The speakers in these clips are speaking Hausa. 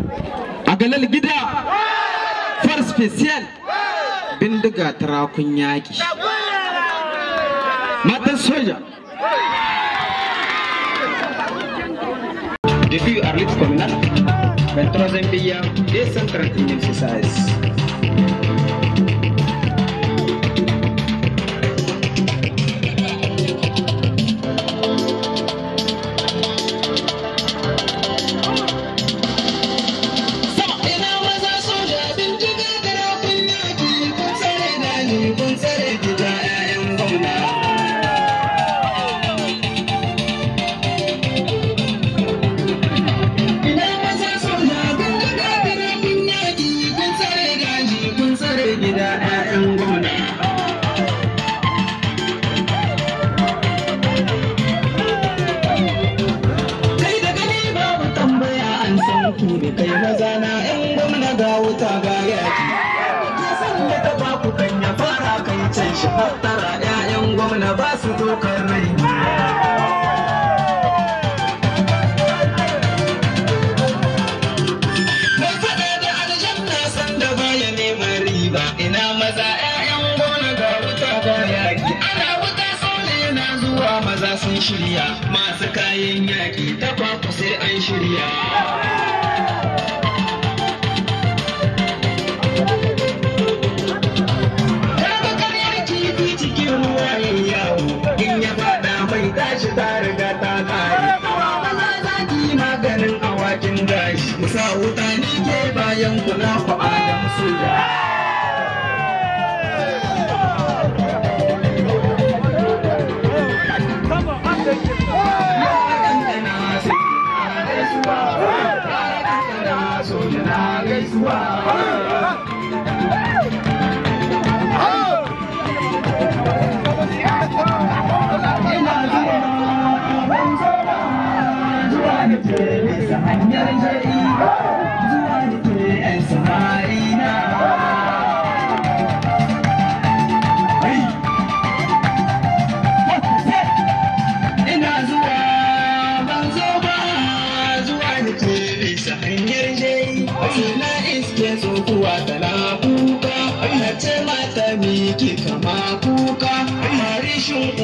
A galal gida, far special bindiga turakun yaƙi. Matan soja. Depuis Arlit Communal, 23 e 231 sociétés. shahattara 'ya'yan gwamna ba su dokar rai Ina maza 'ya'yan gona ga wuta ga yaki ana wuta sole na zuwa maza sun shirya masu kayan yaƙi ta sai an shirya kuka a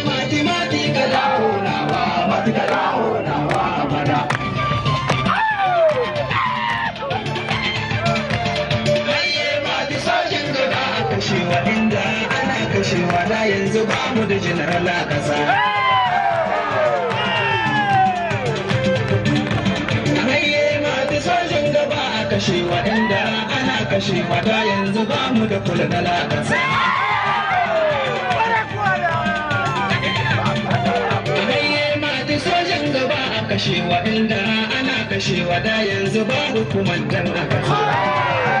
da general a kasa haye mata sojin gaba a kashe waɗanda ana kashe mata yanzu ba mu da kula na lakasa kashewa inda ana kashewa da yanzu babu kuma na a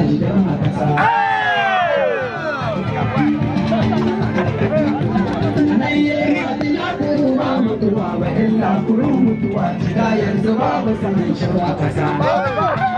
a gidan makasa mutuwa ba illa mutuwa yanzu babu sanin shi ba kasa